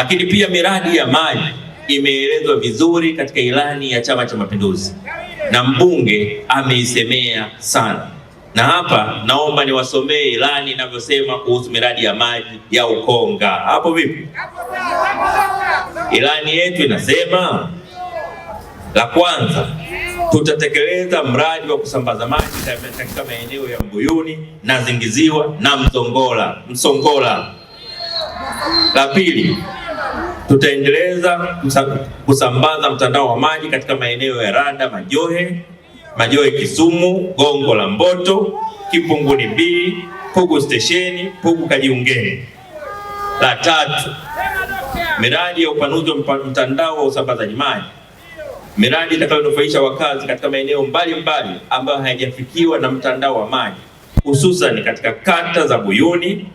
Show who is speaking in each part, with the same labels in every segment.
Speaker 1: Lakini pia miradi ya maji imeelezwa vizuri katika ilani ya Chama cha Mapinduzi na mbunge ameisemea sana, na hapa naomba niwasomee ilani inavyosema kuhusu miradi ya maji ya Ukonga. Hapo vipi? Ilani yetu inasema la kwanza, tutatekeleza mradi wa kusambaza maji katika maeneo ya Mbuyuni na Zingiziwa na Mzongola, Msongola. La pili Tutaendeleza kusambaza mtandao wa maji katika maeneo ya Rada, Majohe, Majohe, Kisumu, Gongo la Mboto, Kipunguni B, Pugu stesheni, Pugu Kajiungeni. La tatu, miradi ya upanuzi wa mtandao wa usambazaji maji, miradi itakayonufaisha wakazi katika maeneo mbalimbali ambayo hayajafikiwa na mtandao wa maji, hususan katika kata za Buyuni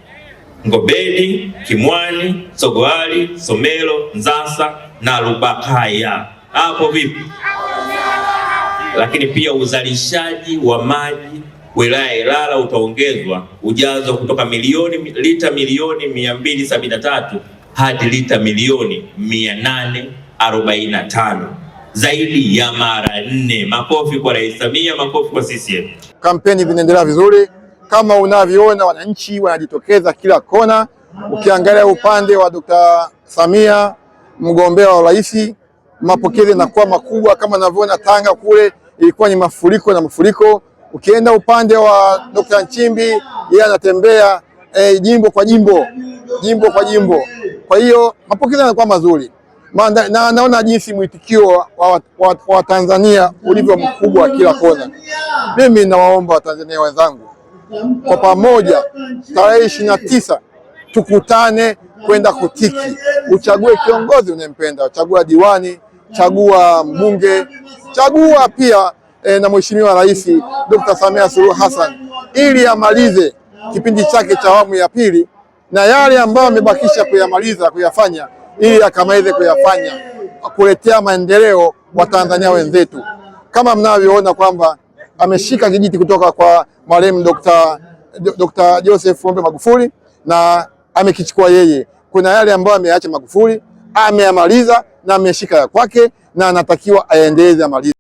Speaker 1: Ngobedi, Kimwani, Sogoali, Somelo, Nzasa na Rubakaya. Hapo vipi? Lakini pia uzalishaji wa maji wilaya Ilala utaongezwa ujazo kutoka milioni lita milioni 273 hadi lita milioni 845, zaidi ya mara nne. Makofi kwa Rais Samia, makofi kwa CCM.
Speaker 2: Kampeni vinaendelea vizuri. Kama unavyoona wananchi wanajitokeza kila kona. Ukiangalia upande wa Dr. Samia mgombea wa rais, mapokezi yanakuwa makubwa. Kama unavyoona Tanga kule ilikuwa ni mafuriko na mafuriko. Ukienda upande wa Dr. Nchimbi, yeye anatembea eh, jimbo kwa jimbo, jimbo kwa jimbo. Kwa hiyo mapokezi yanakuwa mazuri na naona jinsi mwitikio wa Watanzania wa, wa ulivyo mkubwa kila kona. Mimi nawaomba Watanzania wenzangu kwa pamoja, tarehe ishirini na tisa tukutane kwenda kutiki, uchague kiongozi unayempenda, chagua diwani, chagua mbunge, chagua pia e, na Mheshimiwa Rais Dr. Samia Suluhu Hassan ili amalize kipindi chake cha awamu ya pili na yale ambayo amebakisha kuyamaliza kuyafanya, ili akamalize kuyafanya kuletea maendeleo wa Tanzania wenzetu, kama mnavyoona kwamba ameshika kijiti kutoka kwa marehemu Dr. Dr. Joseph Pombe Magufuli na amekichukua yeye. Kuna yale ambayo ameyaacha Magufuli ameyamaliza na ameshika ya kwake na anatakiwa aendeleze amalize.